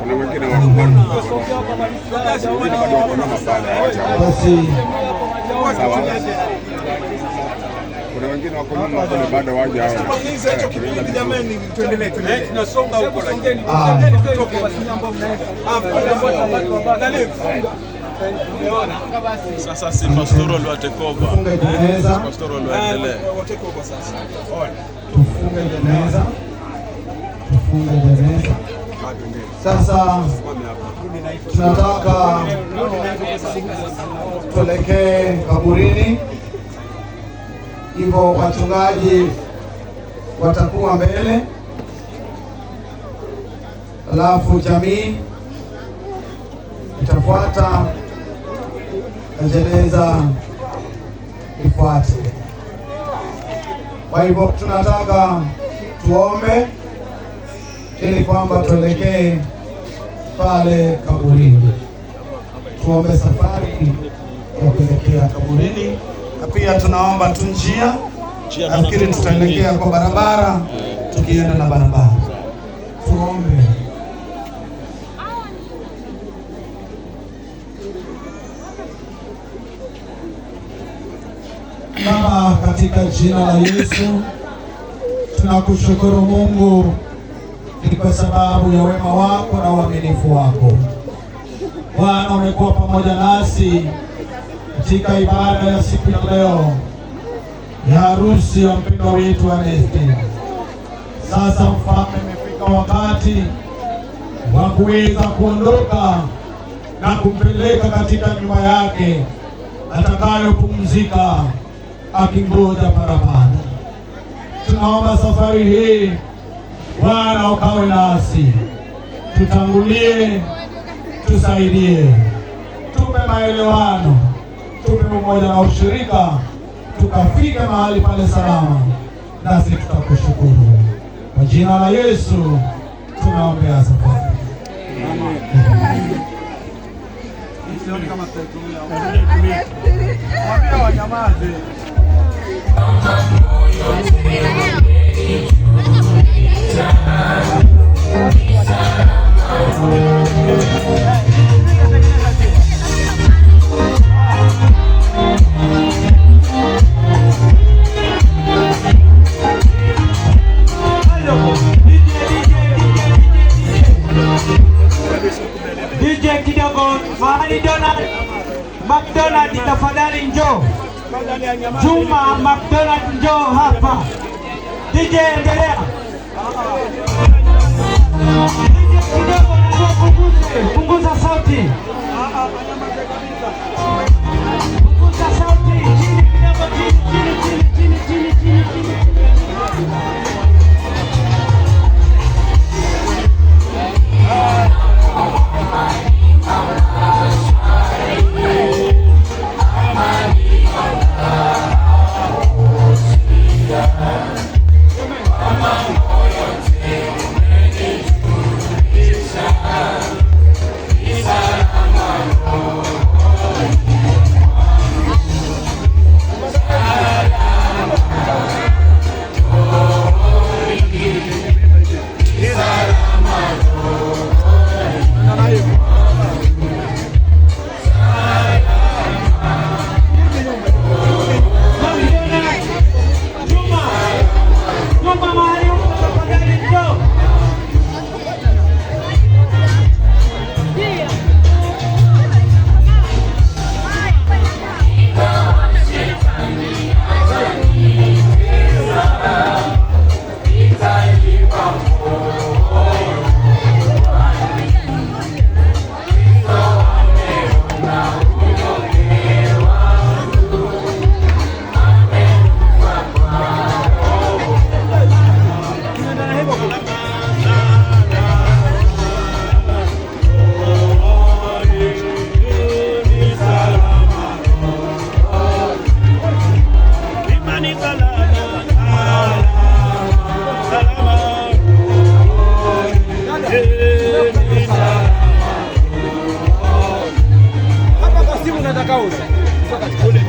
Kuna wengine kuna wengine wako nyuma kule bado waja. Jamani, tuendelee, eh, tunasonga huko, lakini ah. tutoke ambao mnaenda si pastoro lwatekova pastoro tufunge jeneza Mungu mwema. Sasa tunataka tuelekee kaburini, hivyo wachungaji watakuwa mbele, alafu jamii itafuata na jeneza ifuate. Kwa hivyo tunataka tuombe ili kwamba tuelekee pale kaburini, tuombe safari ya kuelekea kaburini, na pia tunaomba tu njia. Nafikiri tutaelekea kwa barabara, tukienda na barabara, tuombe Baba, katika jina la Yesu tunakushukuru Mungu ni kwa sababu ya wema wako na uaminifu wako. Bwana, umekuwa pamoja nasi katika ibada ya siku ya leo ya harusi ya mpendwa wetu Anesti. Sasa Mfalme, imefika wakati wa kuweza kuondoka na kumpeleka katika nyumba yake atakayopumzika akingoja parapanda. Tunaomba safari hii nao kawe nasi, tutangulie, tusaidie, tupe maelewano, tupe umoja na ushirika, tukafike mahali pale salama, nasi tutakushukuru. Kwa jina la Yesu tunaombea Amen. DJ kidogo Juma McDonald Joe hapa. DJ endelea. Punguza sauti. Punguza sauti.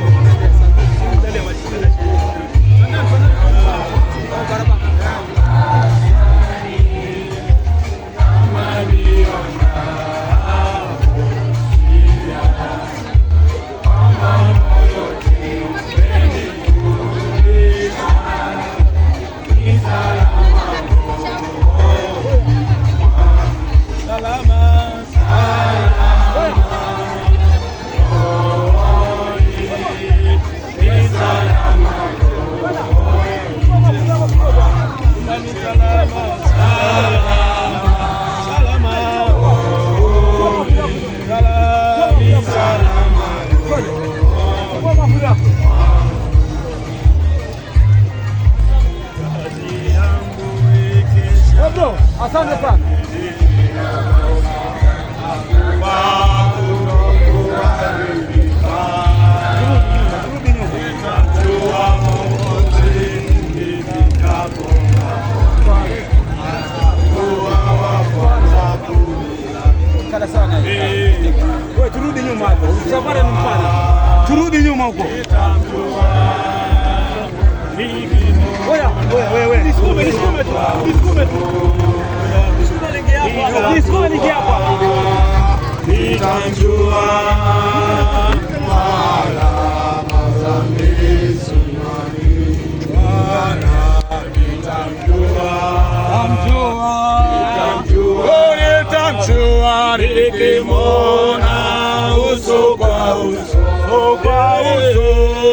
করে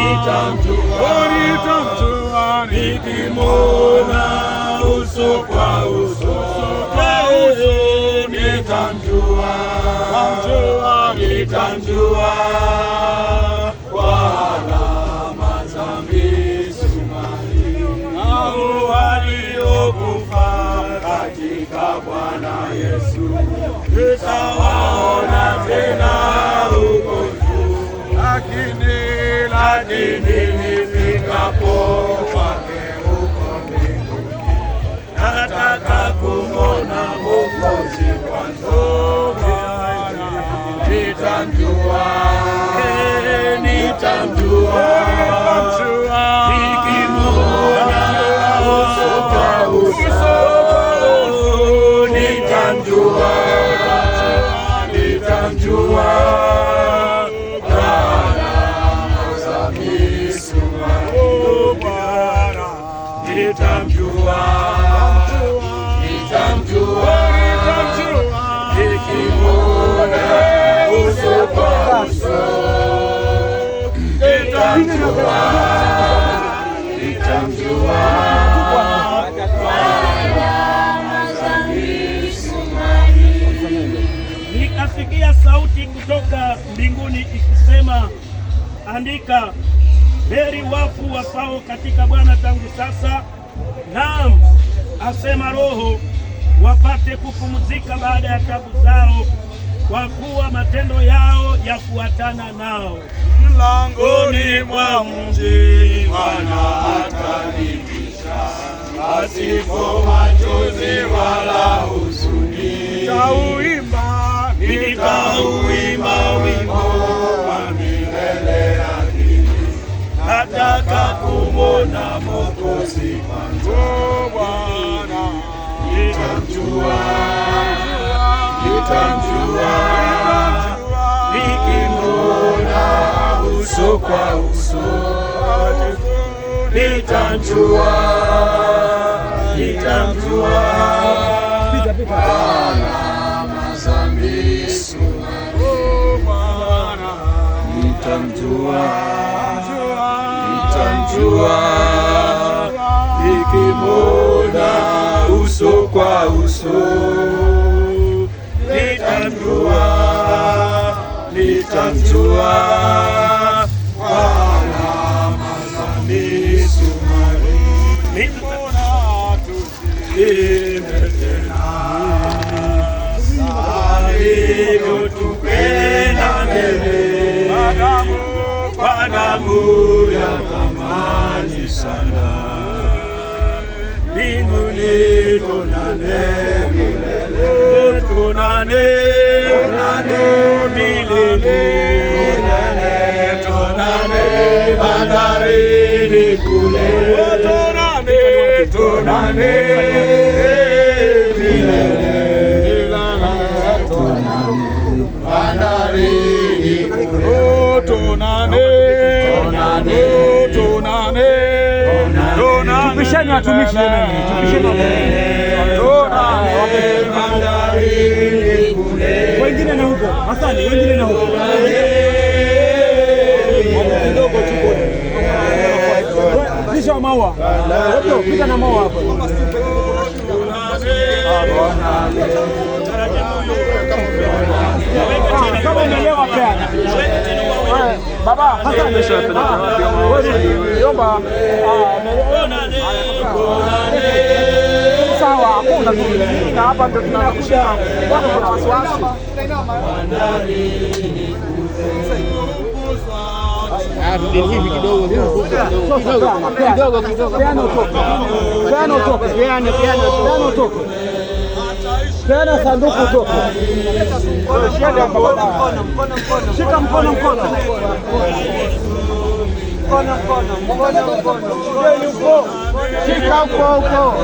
nitamjua, nitamjua nikimwona uso kwa uso, nitamjua, nitamjua, nitamjua kwa alama za misumari au waliokufa katika Bwana Yesu nitawaona tena huko juu hadi nilifikapo kwake huko mbinguni. Nataka kumwona Mwokozi mwanzo, nitamjua nitamjua Andika, heri wafu wafao katika Bwana tangu sasa, naam asema Roho, wapate kupumzika baada ya tabu zao, kwa kuwa matendo yao yafuatana nao. Mlangoni mwa mji Bwana atanibisha, pasipo machozi wala huzuni, nitauimba wimbo nilipata kumwona Mwokozi kwanza. Bwana nitamjua, nitamjua nikimona uso kwa uso, nitamjua, nitamjua oh, Bwana mazambi sumaye, nitamjua jua nikimona uso kwa uso, nitamjua nitamjua kwa alama za misumari, nikimona tuzime tena alivyotupenda milele Bwana Mungu sana, mbinguni tunane milele, tunane milele, tunane bandarini kule, tunane tunane milele, tunane bandarini kule, tunane tunane ni watumishi wengine na huko Hasani, wengine na huko kisha maua pita na maua hapo ah, kama umeelewa pia Baba, sawa, hakuna na hapa ndio tunakuja kwa wasiwasi. Hivi kidogo kidogo kidogo kidogo, peana utoke, peana utoke, peana utoke Peana sanduku hutoke. Shika mkono mkono. Shika mkono.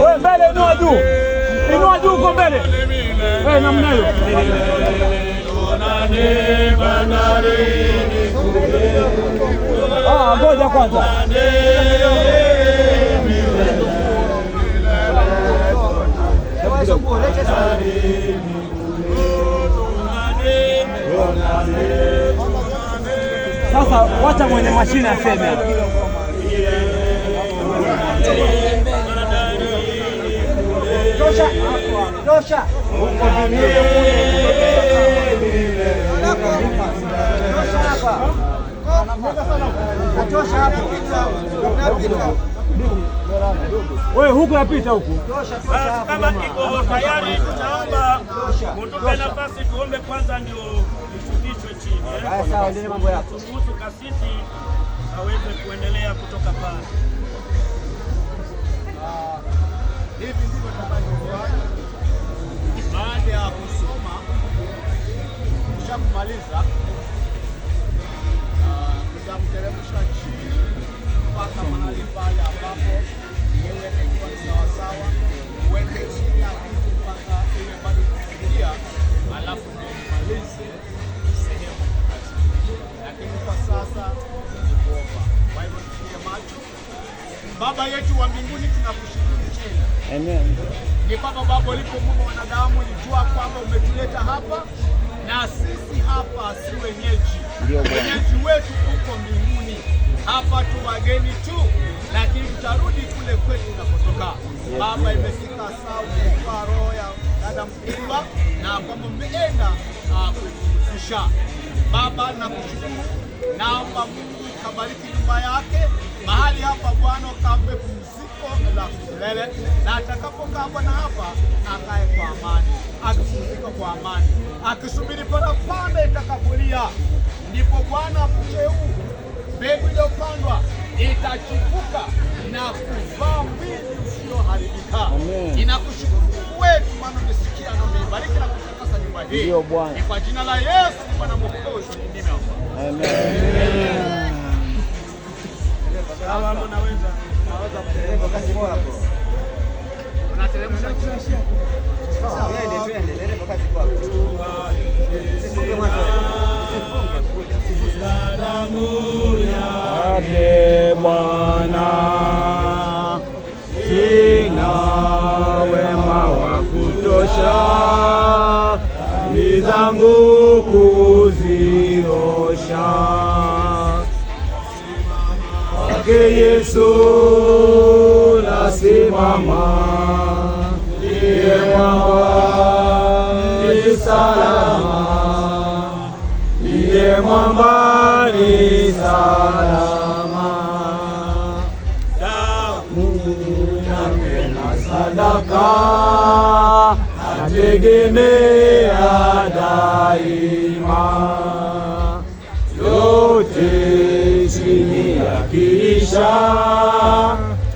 Wewe mbele inua juu. Inua juu uko mbele. Wewe namna hiyo. Ah, ngoja kwanza. sasa. Wacha mwenye mashine aseme. Tosha hapo. Wewe huko yapita huko. Basi kama iko tayari, tutaomba mutupe nafasi tuombe kwanza, ndio ishukishwe chini eh. kuhusu kasisi aweze kuendelea kutoka pale. Ah, hivi ndivyo tutakavyofanya baada ya kusoma, kisha kumaliza tutamteremsha ah, chini kupata mahali pale ambapo iwe haikuwa ni sawasawa, uweke chini ya kitu mpaka iwe bado kufikiria, alafu ndio umalize sehemu takatifu. Lakini kwa sasa kuomba. Kwa hivyo tufunge macho. Baba yetu wa mbinguni, tunakushukuru tena. Amen. Ni Baba, Baba ulipo Mungu wanadamu, lijua kwamba umetuleta hapa na sisi hapa si wenyeji wageni tu, lakini mtarudi kule kwetu tunapotoka. Baba, imefika saa kutoa roho ya dada mkubwa na kwamba mmeenda ah, kuikumzisha. Baba, nakushukuru, naomba Mungu ikabariki nyumba yake mahali hapa Bwana, ukampe pumziko la kulele, na atakapokaa Bwana hapa akae kwa amani, akipumzika kwa amani, akisubiri parapanda itakapolia, ndipo Bwana akuche huu mbegu iliyopandwa itachipuka na kuvaa mwili usioharibika. Ninakushukuru Mungu wetu, maana umesikia na umeibariki na kutakasa nyumba hii. Ni kwa jina la Yesu Bwana Mwokozi Amen. Bwana, sina wema wa kutosha, dhambi zangu kuziosha. Kwake Yesu nasimama, ndiye mwamba ni salama, ndiye mwamba ni salama sadaka, nategemea daima yote chini ya kirisha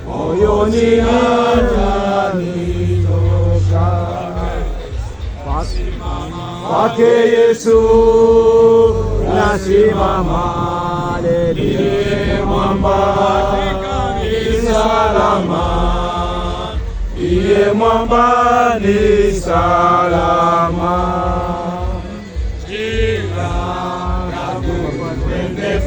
moyoni ananitosha kwake Yesu nasimama, lele mwamba salama ndiye mwambani salama, jina langu ni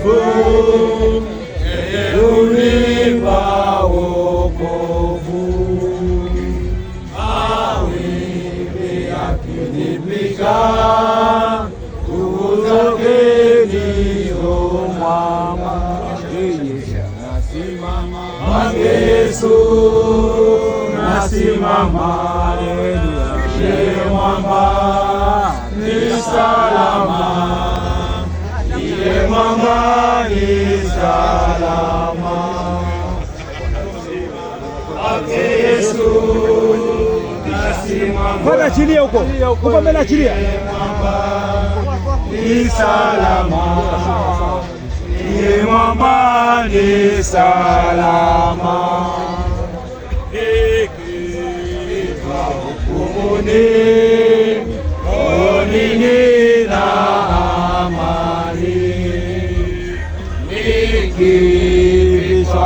Simama, ile mwamba ni salama, mwamba ni salama. Ake Yesu nasimama, achilia huko huko mbele, achilia. Ile mwamba ni salama, ni salama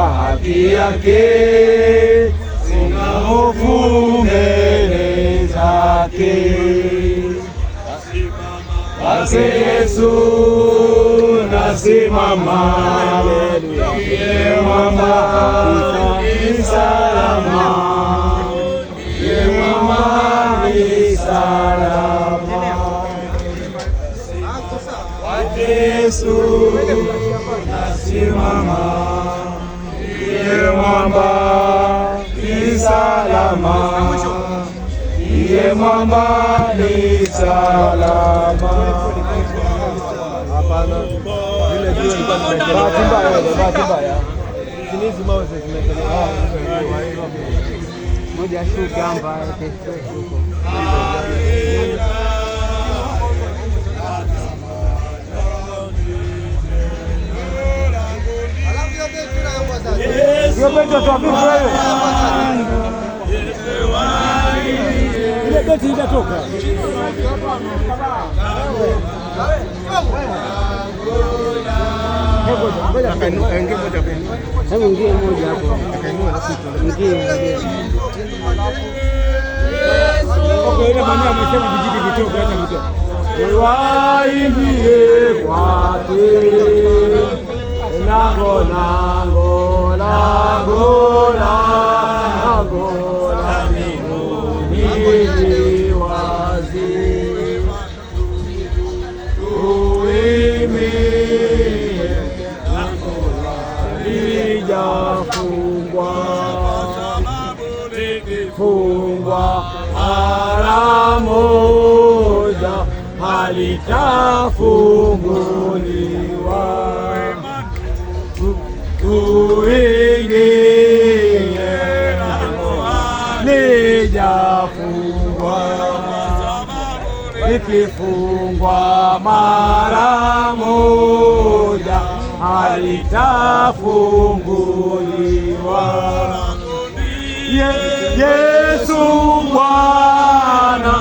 haki yake sina hofu mbele zake. Basi Yesu nasimama, ewe mama Isa Yesu nasimama, ndiye mwamba ni salama, ndiye mwamba ni salama. Moja shuka ambayo ile beti itatoka. Hebu moja waimbie kwake nangona langu langu la mbinguni likifungwa mara moja halitafunguliwa. Ye, Yesu Bwana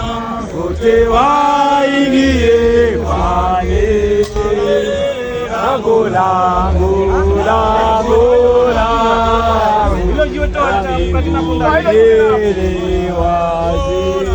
sote waingie kwake, lango lango lango langu limefunguliwa wazi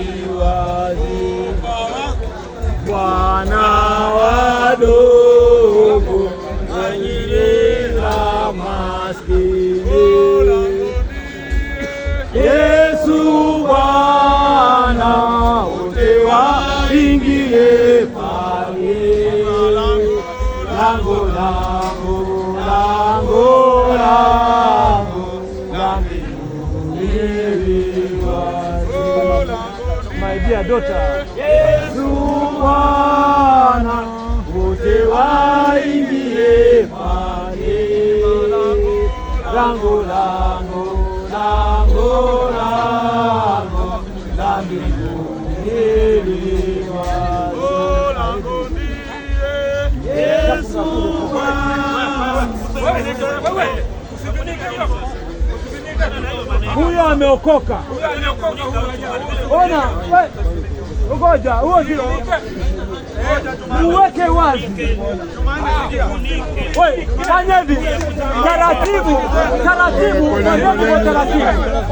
ya Dota. Yesu Bwana, wote waingie lango lango lango lango la mbinguni oh, huyo ameokoka. Ona ngoja, huo ndio uweke wazi. Fanya hivi taratibu, taratibu, taratibu.